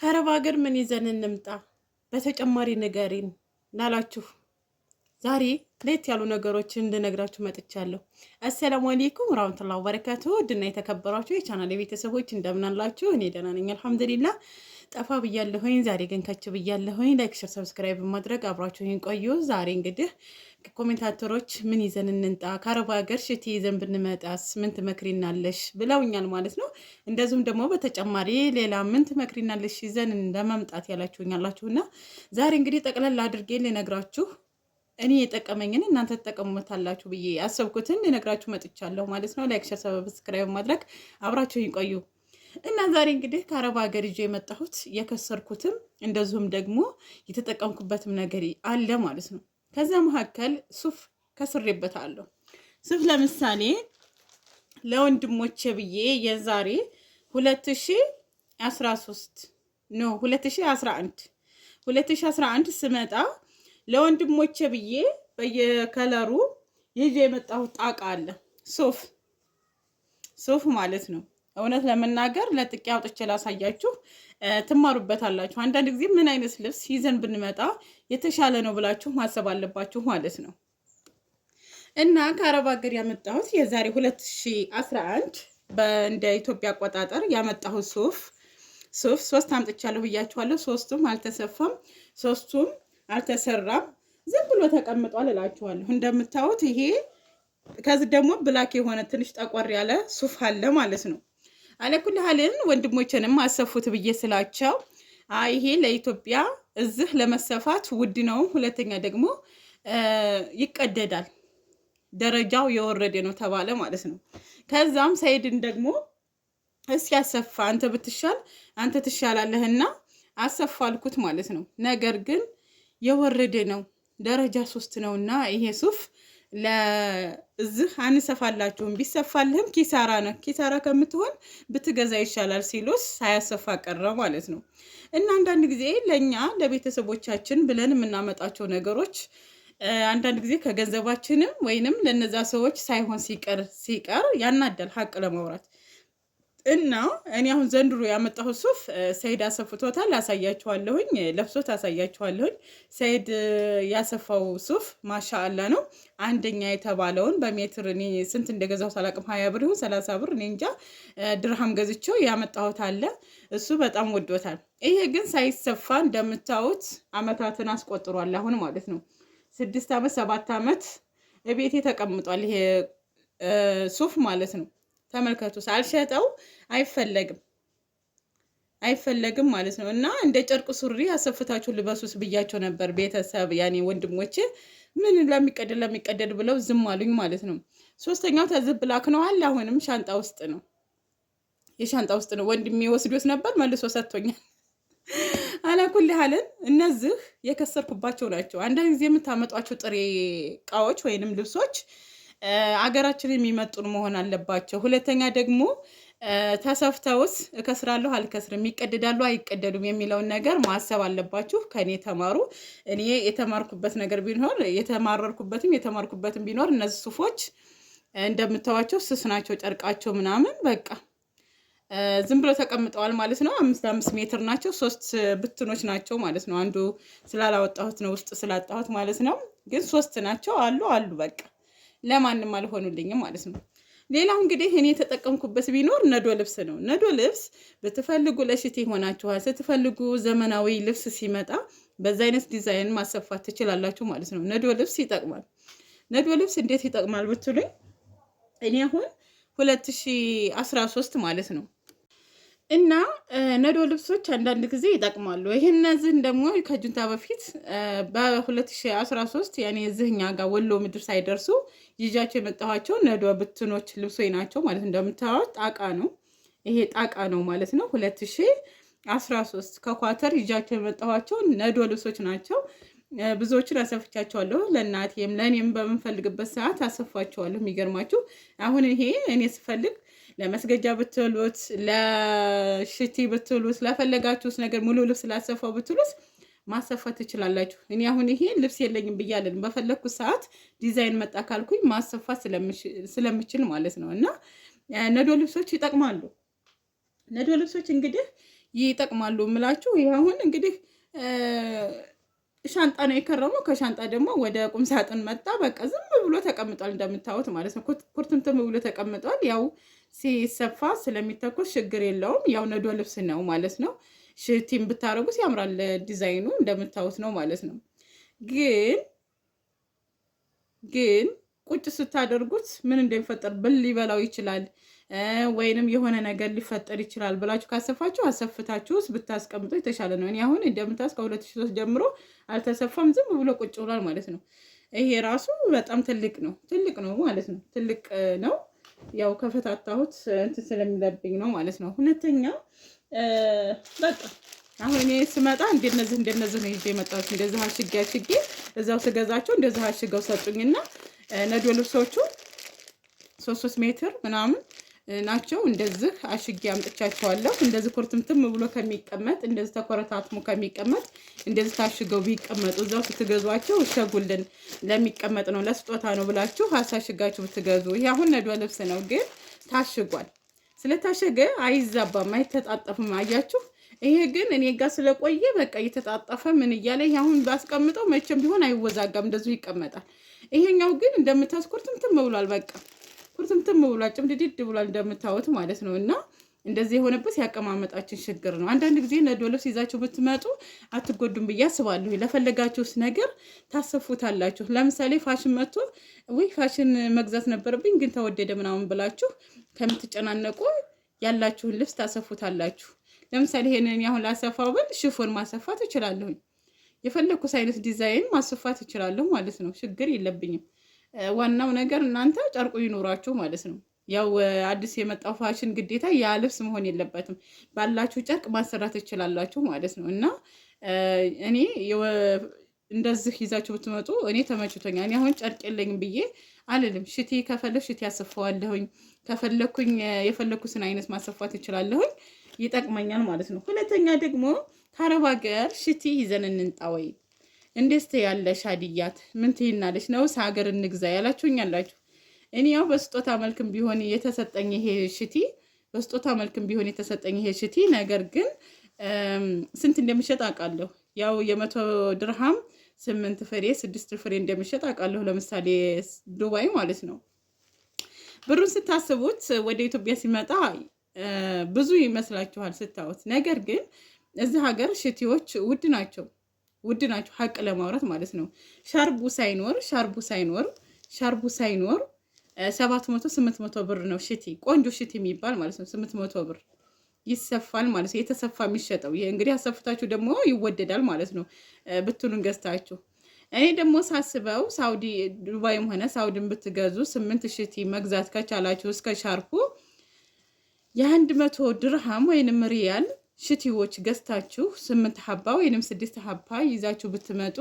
ከአረብ ሀገር ምን ይዘን እንምጣ በተጨማሪ ንገሪን ላላችሁ ዛሬ ለየት ያሉ ነገሮችን እንድነግራችሁ መጥቻለሁ። አሰላሙ አሌይኩም ራውንትላ በረካቱ ድና የተከበሯችሁ የቻናል የቤተሰቦች እንደምናላችሁ፣ እኔ ደህና ነኝ አልሐምዱሊላ። ጠፋ ብያለሁኝ፣ ዛሬ ግን ከች ብያለሁኝ። ላይክ፣ ሸር፣ ሰብስክራይብ ማድረግ አብራችሁኝ ቆዩ። ዛሬ እንግዲህ ኮሜንታተሮች ምን ይዘን እንንጣ፣ ከአረቡ ሀገር ሽቲ ይዘን ብንመጣስ ምን ትመክሪናለሽ ብለውኛል ማለት ነው። እንደዚሁም ደግሞ በተጨማሪ ሌላ ምን ትመክሪናለሽ ይዘን ለመምጣት ያላችሁኝ እና ዛሬ እንግዲህ ጠቅለል አድርጌ ልነግራችሁ እኔ የጠቀመኝን እናንተ ትጠቀሙበታላችሁ ብዬ ያሰብኩትን ልነግራችሁ መጥቻለሁ ማለት ነው። ላይክ፣ ሸር፣ ሰብስክራይብ ማድረግ አብራችሁ ይቆዩ እና ዛሬ እንግዲህ ከአረብ ሀገር ይዤ የመጣሁት የከሰርኩትም እንደዚሁም ደግሞ የተጠቀምኩበትም ነገር አለ ማለት ነው። ከዛ መካከል ሱፍ ከስሬበታለሁ። ሱፍ ለምሳሌ ለወንድሞቼ ብዬ የዛሬ ሁለት ሺ አስራ ሶስት ኖ ሁለት ሺ አስራ አንድ ሁለት ሺ አስራ አንድ ስመጣ ለወንድሞቼ ብዬ በየከለሩ ይዤ የመጣሁት ጣቃ አለ ሱፍ ሱፍ ማለት ነው። እውነት ለመናገር ለጥቄ አውጥቼ ላሳያችሁ ትማሩበታላችሁ። አንዳንድ ጊዜ ምን አይነት ልብስ ይዘን ብንመጣ የተሻለ ነው ብላችሁ ማሰብ አለባችሁ ማለት ነው። እና ከአረብ ሀገር ያመጣሁት የዛሬ 2011 እንደ ኢትዮጵያ አቆጣጠር ያመጣሁት ሱፍ ሱፍ ሶስት አምጥቻለሁ ብያችኋለሁ። ሶስቱም አልተሰፋም፣ ሶስቱም አልተሰራም። ዝም ብሎ ተቀምጧል እላችኋለሁ። እንደምታዩት ይሄ ከዚህ ደግሞ ብላክ የሆነ ትንሽ ጠቆር ያለ ሱፍ አለ ማለት ነው። አለኩልህልን ወንድሞችንም አሰፉት ብዬ ስላቸው ይሄ ለኢትዮጵያ እዚህ ለመሰፋት ውድ ነው። ሁለተኛ ደግሞ ይቀደዳል፣ ደረጃው የወረደ ነው ተባለ ማለት ነው። ከዛም ሰይድን ደግሞ እስኪ አሰፋ አንተ ብትሻል አንተ ትሻላለህና አሰፋ አልኩት ማለት ነው። ነገር ግን የወረደ ነው ደረጃ ሶስት ነውና ይሄ ሱፍ ለእዝህ አንሰፋላችሁም፣ ቢሰፋልህም ኪሳራ ነው። ኪሳራ ከምትሆን ብትገዛ ይሻላል ሲሉስ ሳያሰፋ ቀረ ማለት ነው። እና አንዳንድ ጊዜ ለእኛ ለቤተሰቦቻችን ብለን የምናመጣቸው ነገሮች አንዳንድ ጊዜ ከገንዘባችንም ወይንም ለነዛ ሰዎች ሳይሆን ሲቀር ሲቀር ያናዳል ሀቅ ለማውራት እና እኔ አሁን ዘንድሮ ያመጣሁት ሱፍ ሰይድ አሰፍቶታል፣ አሳያችኋለሁኝ፣ ለብሶት አሳያችኋለሁኝ። ሰይድ ያሰፋው ሱፍ ማሻአላ ነው። አንደኛ የተባለውን በሜትር እኔ ስንት እንደገዛው ሳላቅም፣ ሀያ ብር ይሁን ሰላሳ ብር እኔ እንጃ፣ ድርሃም ገዝቼው ያመጣሁት አለ። እሱ በጣም ወዶታል። ይሄ ግን ሳይሰፋ እንደምታዩት አመታትን አስቆጥሯል። አሁን ማለት ነው ስድስት አመት ሰባት አመት ቤቴ ተቀምጧል ይሄ ሱፍ ማለት ነው። ተመልከቱ። ሳልሸጠው አይፈለግም አይፈለግም ማለት ነው። እና እንደ ጨርቅ ሱሪ አሰፍታችሁ ልበሱስ ብያቸው ነበር ቤተሰብ ያኔ ወንድሞቼ ምን ለሚቀደድ ለሚቀደድ ብለው ዝም አሉኝ ማለት ነው። ሶስተኛው ነው አለ። አሁንም ሻንጣ ውስጥ ነው የሻንጣ ውስጥ ነው። ወንድሜ ወስዶስ ነበር መልሶ ሰጥቶኛል። አላኩል ያህልን እነዚህ የከሰርኩባቸው ናቸው። አንዳንድ ጊዜ የምታመጧቸው ጥሬ እቃዎች ወይንም ልብሶች አገራችን የሚመጡን መሆን አለባቸው። ሁለተኛ ደግሞ ተሰፍተውስ እከስራለሁ አልከስርም፣ ይቀደዳሉ አይቀደዱም የሚለውን ነገር ማሰብ አለባችሁ። ከኔ ተማሩ። እኔ የተማርኩበት ነገር ቢኖር የተማረርኩበትም የተማርኩበትም ቢኖር እነዚህ ሱፎች እንደምታዋቸው ስስ ናቸው፣ ጨርቃቸው ምናምን በቃ ዝም ብሎ ተቀምጠዋል ማለት ነው። አምስት አምስት ሜትር ናቸው። ሶስት ብትኖች ናቸው ማለት ነው። አንዱ ስላላወጣሁት ነው ውስጥ ስላጣሁት ማለት ነው። ግን ሶስት ናቸው አሉ አሉ በቃ ለማንም አልሆኑልኝም ማለት ነው። ሌላው እንግዲህ እኔ የተጠቀምኩበት ቢኖር ነዶ ልብስ ነው። ነዶ ልብስ ብትፈልጉ ለሽት ይሆናችኋል። ስትፈልጉ ዘመናዊ ልብስ ሲመጣ በዛ አይነት ዲዛይን ማሰፋት ትችላላችሁ ማለት ነው። ነዶ ልብስ ይጠቅማል። ነዶ ልብስ እንዴት ይጠቅማል ብትሉኝ እኔ አሁን 2013 ማለት ነው እና ነዶ ልብሶች አንዳንድ ጊዜ ይጠቅማሉ። ይህ እነዚህን ደግሞ ከጁንታ በፊት በ2013 ያኔ እዚህኛ ጋር ወሎ ምድር ሳይደርሱ ይዣቸው የመጣኋቸው ነዶ ብትኖች ልብሶች ናቸው ማለት እንደምታዩት ጣቃ ነው። ይሄ ጣቃ ነው ማለት ነው። 2013 ከኳተር ይዣቸው የመጣኋቸው ነዶ ልብሶች ናቸው። ብዙዎችን አሰፍቻቸዋለሁ። ለእናቴም ለእኔም በምንፈልግበት ሰዓት አሰፏቸዋለሁ። የሚገርማችሁ አሁን ይሄ እኔ ስፈልግ ለመስገጃ ብትሉት፣ ለሽቲ ብትሉት፣ ለፈለጋችሁት ነገር ሙሉ ልብስ ላሰፋው ብትሉት ማሰፋት ትችላላችሁ። እኔ አሁን ይሄ ልብስ የለኝም ብያለን። በፈለግኩት ሰዓት ዲዛይን መጣ ካልኩኝ ማሰፋት ስለምችል ማለት ነው። እና ነዶ ልብሶች ይጠቅማሉ። ነዶ ልብሶች እንግዲህ ይጠቅማሉ ምላችሁ። ይህ አሁን እንግዲህ ሻንጣ ነው የከረመው። ከሻንጣ ደግሞ ወደ ቁም ሳጥን መጣ። በቃ ዝም ብሎ ተቀምጧል እንደምታዩት ማለት ነው። ኩርትምትም ብሎ ተቀምጧል ያው ሲሰፋ ስለሚተኮስ ችግር የለውም። ያው ነዶ ልብስ ነው ማለት ነው። ሽቲም ብታረጉት ያምራል። ዲዛይኑ እንደምታዩት ነው ማለት ነው። ግን ግን ቁጭ ስታደርጉት ምን እንደሚፈጠር ብል ሊበላው ይችላል፣ ወይንም የሆነ ነገር ሊፈጠር ይችላል ብላችሁ ካሰፋችሁ አሰፍታችሁስ ብታስቀምጡ የተሻለ ነው። እኔ አሁን እንደምታስ ከሁለት ሺህ ጀምሮ አልተሰፋም፣ ዝም ብሎ ቁጭ ብሏል ማለት ነው። ይሄ ራሱ በጣም ትልቅ ነው፣ ትልቅ ነው ማለት ነው። ትልቅ ነው ያው ከፈታታሁት እንትን ስለሚለብኝ ነው ማለት ነው። ሁለተኛው በቃ አሁን እኔ ስመጣ እንደነዚህ እንደነዚህ ነው ይዤ የመጣሁት። እንደዚህ አሽጌ አሽጌ እዛው ስገዛቸው እንደዚህ አሽገው ሰጡኝና ነዶ ልብሶቹ ሶስት ሶስት ሜትር ምናምን ናቸው። እንደዚህ አሽጌ አምጥቻቸዋለሁ። እንደዚህ ኩርትምትም ብሎ ከሚቀመጥ እንደዚህ ተኮረታትሞ ከሚቀመጥ እንደዚህ ታሽገው ቢቀመጡ እዛው ስትገዟቸው እሸጉልን ለሚቀመጥ ነው ለስጦታ ነው ብላችሁ አሳሽጋችሁ ብትገዙ። ይህ አሁን ነዶ ልብስ ነው፣ ግን ታሽጓል። ስለታሸገ አይዛባም፣ አይተጣጠፍም። አያችሁ። ይሄ ግን እኔ ጋር ስለቆየ በቃ እየተጣጠፈ ምን እያለ ይሄ አሁን ባስቀምጠው መቼም ቢሆን አይወዛጋም፣ እንደዚሁ ይቀመጣል። ይሄኛው ግን እንደምታስኮርትምትም ብሏል በቃ ኩርትምትም ብሏል፣ ጭምድድድ ብሏል እንደምታዩት ማለት ነው። እና እንደዚህ የሆነበት ያቀማመጣችን ችግር ነው። አንዳንድ ጊዜ ነዶ ልብስ ይዛችሁ ብትመጡ አትጎዱም ብዬ አስባለሁ። ለፈለጋችሁት ነገር ታሰፉታላችሁ። ለምሳሌ ፋሽን መጥቶ ወይ ፋሽን መግዛት ነበረብኝ ግን ተወደደ ምናምን ብላችሁ ከምትጨናነቁ ያላችሁን ልብስ ታሰፉታላችሁ። ለምሳሌ ይሄንን ያሁን ላሰፋው ብል ሽፎን ማሰፋት እችላለሁኝ። የፈለግኩት አይነት ዲዛይን ማሰፋት እችላለሁ ማለት ነው። ችግር የለብኝም። ዋናው ነገር እናንተ ጨርቁ ይኖራችሁ ማለት ነው። ያው አዲስ የመጣው ፋሽን ግዴታ ያ ልብስ መሆን የለበትም። ባላችሁ ጨርቅ ማሰራት ትችላላችሁ ማለት ነው እና እኔ እንደዚህ ይዛችሁ ብትመጡ እኔ ተመችቶኛል። እኔ አሁን ጨርቅ የለኝም ብዬ አልልም። ሽቲ ከፈለግ ሽቲ ያሰፋዋለሁኝ፣ ከፈለግኩኝ የፈለግኩትን አይነት ማሰፋት ይችላለሁኝ። ይጠቅመኛል ማለት ነው። ሁለተኛ ደግሞ ከአረብ ሀገር ሽቲ ይዘን እንንጣ ወይ እንዴት ያለሽ ሀዲያት ምን ትይናለች? ነውስ ሀገር እንግዛ ያላችሁኝ አላችሁ። እኔ ያው በስጦታ መልክም ቢሆን የተሰጠኝ ይሄ ሽቲ በስጦታ መልክም ቢሆን የተሰጠኝ ይሄ ሽቲ፣ ነገር ግን ስንት እንደሚሸጥ አውቃለሁ። ያው የመቶ ድርሃም ስምንት ፍሬ ስድስት ፍሬ እንደሚሸጥ አውቃለሁ። ለምሳሌ ዱባይ ማለት ነው። ብሩን ስታስቡት ወደ ኢትዮጵያ ሲመጣ ብዙ ይመስላችኋል ስታዩት፣ ነገር ግን እዚህ ሀገር ሽቲዎች ውድ ናቸው። ውድ ናቸው። ሀቅ ለማውራት ማለት ነው። ሻርቡ ሳይኖር ሻርቡ ሳይኖር ሻርቡ ሳይኖር ሰባት መቶ ስምንት መቶ ብር ነው ሽቲ፣ ቆንጆ ሽቲ የሚባል ማለት ነው። ስምንት መቶ ብር ይሰፋል ማለት ነው። የተሰፋ የሚሸጠው ይሄ እንግዲህ አሰፍታችሁ ደግሞ ይወደዳል ማለት ነው። ብትሉን ገዝታችሁ እኔ ደግሞ ሳስበው ሳውዲ ዱባይም ሆነ ሳውዲን ብትገዙ ስምንት ሽቲ መግዛት ከቻላችሁ እስከ ሻርፑ የአንድ መቶ ድርሃም ወይንም ሪያል ሽቲዎች ገዝታችሁ ስምንት ሀባ ወይንም ስድስት ሀባ ይዛችሁ ብትመጡ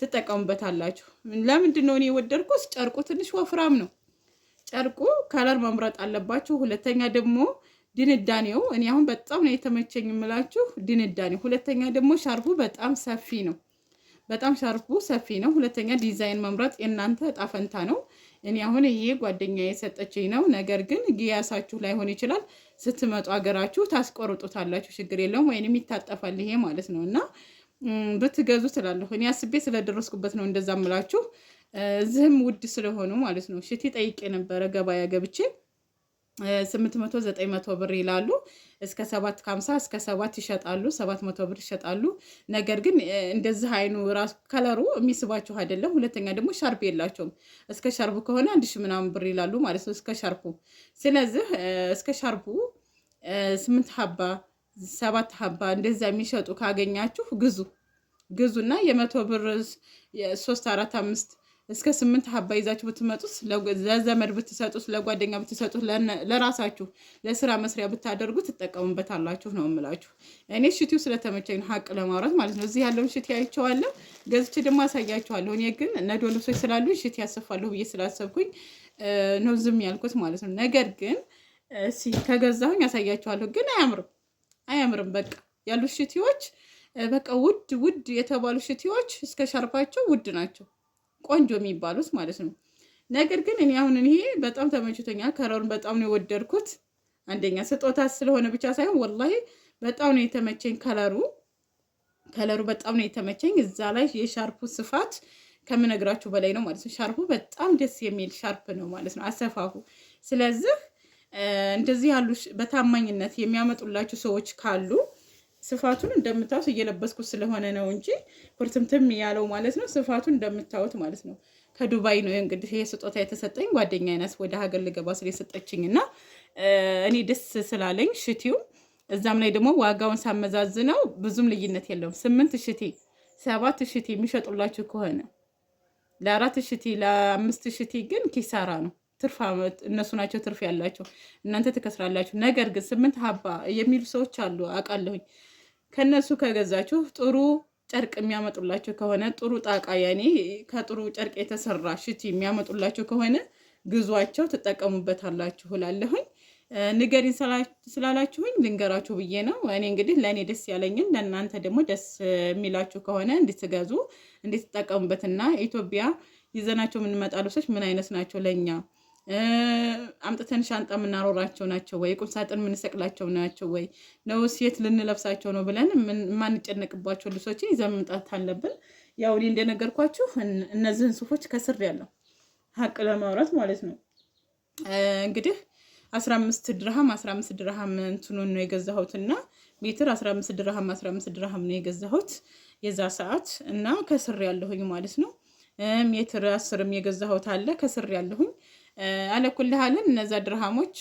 ትጠቀሙበታላችሁ። ለምንድን ነው እኔ የወደድኩት? ጨርቁ ትንሽ ወፍራም ነው። ጨርቁ ከለር መምረጥ አለባችሁ። ሁለተኛ ደግሞ ድንዳኔው እኔ አሁን በጣም ነው የተመቸኝ የምላችሁ ድንዳኔው። ሁለተኛ ደግሞ ሻርፑ በጣም ሰፊ ነው። በጣም ሻርፑ ሰፊ ነው። ሁለተኛ ዲዛይን መምረጥ የእናንተ እጣ ፈንታ ነው። እኔ አሁን ይሄ ጓደኛ የሰጠችኝ ነው። ነገር ግን ግያሳችሁ ላይሆን ይችላል። ስትመጡ ሀገራችሁ ታስቆርጡታላችሁ፣ ችግር የለውም ወይንም ይታጠፋል ይሄ ማለት ነው። እና ብትገዙ ትላለሁ። እኔ አስቤ ስለደረስኩበት ነው እንደዛ ምላችሁ። እዚህም ውድ ስለሆኑ ማለት ነው። ሽቲ ጠይቄ ነበረ ገበያ ገብቼ ስምንት መቶ ዘጠኝ መቶ ብር ይላሉ። እስከ ሰባት ከሀምሳ እስከ ሰባት ይሸጣሉ። ሰባት መቶ ብር ይሸጣሉ። ነገር ግን እንደዚህ አይኑ ራሱ ከለሩ የሚስባችሁ አይደለም። ሁለተኛ ደግሞ ሻርፕ የላቸውም። እስከ ሻርፑ ከሆነ አንድ ሺ ምናምን ብር ይላሉ ማለት ነው። እስከ ሻርፑ። ስለዚህ እስከ ሻርፑ ስምንት ሀባ ሰባት ሀባ እንደዚያ የሚሸጡ ካገኛችሁ ግዙ ግዙና የመቶ ብር ሶስት አራት አምስት እስከ ስምንት ሀባ ይዛችሁ ብትመጡት ለዘመድ ብትሰጡት ለጓደኛ ብትሰጡት ለራሳችሁ ለስራ መስሪያ ብታደርጉ ትጠቀሙበት አላችሁ ነው የምላችሁ። እኔ ሽቲው ስለተመቸኝ ሀቅ ለማውራት ማለት ነው። እዚህ ያለውን ሽቲ አይቼዋለሁ፣ ገዝቼ ደግሞ አሳያችኋለሁ። እኔ ግን ነዶ ልብሶች ስላሉ ሽቲ ያሰፋለሁ ብዬ ስላሰብኩኝ ነው ዝም ያልኩት ማለት ነው። ነገር ግን ከገዛሁኝ አሳያችኋለሁ። ግን አያምርም፣ አያምርም። በቃ ያሉት ሽቲዎች በቃ ውድ ውድ የተባሉ ሽቲዎች እስከ ሻርፓቸው ውድ ናቸው። ቆንጆ የሚባሉት ማለት ነው። ነገር ግን እኔ አሁን ይሄ በጣም ተመችቶኛል። ከለሩን በጣም ነው የወደድኩት። አንደኛ ስጦታ ስለሆነ ብቻ ሳይሆን ወላሂ በጣም ነው የተመቸኝ ከለሩ ከለሩ በጣም ነው የተመቸኝ። እዛ ላይ የሻርፑ ስፋት ከምነግራችሁ በላይ ነው ማለት ነው። ሻርፑ በጣም ደስ የሚል ሻርፕ ነው ማለት ነው አሰፋፉ። ስለዚህ እንደዚህ ያሉ በታማኝነት የሚያመጡላችሁ ሰዎች ካሉ ስፋቱን እንደምታዩት እየለበስኩት ስለሆነ ነው እንጂ ኩርትምትም ያለው ማለት ነው። ስፋቱን እንደምታዩት ማለት ነው። ከዱባይ ነው እንግዲህ ይሄ ስጦታ የተሰጠኝ ጓደኛ አይነት ወደ ሀገር ልገባ ስለ የሰጠችኝ እና እኔ ደስ ስላለኝ ሽቲው እዛም ላይ ደግሞ ዋጋውን ሳመዛዝነው ብዙም ልዩነት የለውም። ስምንት ሽቲ ሰባት ሽቲ የሚሸጡላችሁ ከሆነ ለአራት ሽቲ ለአምስት ሽቲ ግን ኪሳራ ነው። ትርፋ እነሱ ናቸው ትርፍ ያላቸው፣ እናንተ ትከስራላችሁ። ነገር ግን ስምንት ሀባ የሚሉ ሰዎች አሉ አውቃለሁኝ። ከነሱ ከገዛችሁ ጥሩ ጨርቅ የሚያመጡላችሁ ከሆነ ጥሩ ጣቃ ያኔ ከጥሩ ጨርቅ የተሰራ ሽቲ የሚያመጡላችሁ ከሆነ ግዟቸው፣ ትጠቀሙበታላችሁ ላለሁኝ ንገሪን ስላላችሁኝ ልንገራችሁ ብዬ ነው። እኔ እንግዲህ ለእኔ ደስ ያለኝን ለእናንተ ደግሞ ደስ የሚላችሁ ከሆነ እንድትገዙ እንድትጠቀሙበትና ኢትዮጵያ ይዘናቸው የምንመጣ ልብሶች ምን አይነት ናቸው ለእኛ አምጥተን ሻንጣ የምናኖራቸው ናቸው ወይ? ቁም ሳጥን የምንሰቅላቸው ናቸው ወይ? ነው ሴት ልንለብሳቸው ነው ብለን የማንጨነቅባቸው ልብሶችን ይዘን መምጣት አለብን። ያው እኔ እንደነገርኳችሁ እነዚህን ጽሁፎች ከስር ያለው ሀቅ ለማውራት ማለት ነው እንግዲህ አስራ አምስት ድርሃም አስራ አምስት ድርሃም እንትኑን ነው የገዛሁት እና ሜትር አስራ አምስት ድርሃም አስራ አምስት ድርሃም ነው የገዛሁት የዛ ሰዓት እና ከስር ያለሁኝ ማለት ነው ሜትር አስርም የገዛሁት አለ ከስር ያለሁኝ አለኩልሃልን እነዛ ድርሃሞች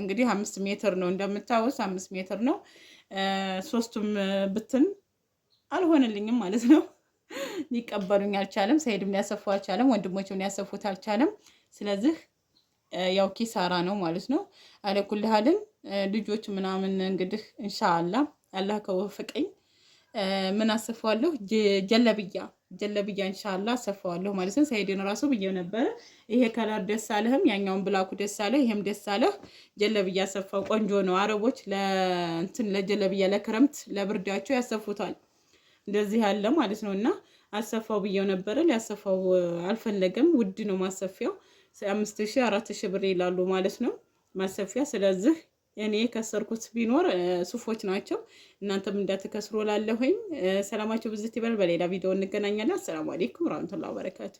እንግዲህ አምስት ሜትር ነው እንደምታወስ አምስት ሜትር ነው። ሶስቱም ብትን አልሆነልኝም ማለት ነው። ሊቀበሉኝ አልቻለም። ሰሄድም ሊያሰፉ አልቻለም። ወንድሞችም ሊያሰፉት አልቻለም። ስለዚህ ያው ኪሳራ ነው ማለት ነው። አለኩልሃልን ልጆች ምናምን እንግዲህ እንሻአላ አላህ ከወፍቀኝ ምን አስፈዋለሁ ጀለብያ ጀለብያ እንሻላ ሰፋዋለሁ ማለት ነው። ሳይድን ራሱ ብዬ ነበረ። ይሄ ከለር ደስ አለህም፣ ያኛውን ብላኩ ደስ አለህ፣ ይሄም ደስ አለህ። ጀለብያ ሰፋው ቆንጆ ነው። አረቦች ለእንትን ለጀለብያ ለክረምት ለብርዳቸው ያሰፉታል። እንደዚህ ያለ ማለት ነው። እና አሰፋው ብዬው ነበረ። ሊያሰፋው አልፈለገም። ውድ ነው ማሰፊያው። አምስት ሺህ አራት ብር ይላሉ ማለት ነው ማሰፊያ። ስለዚህ እኔ የከሰርኩት ቢኖር ሱፎች ናቸው። እናንተም እንዳትከስሩ ላለሁኝ። ሰላማቸው ብዝት ይበል። በሌላ ቪዲዮ እንገናኛለን። አሰላሙ አሌይኩም ረመቱላ በረካቱ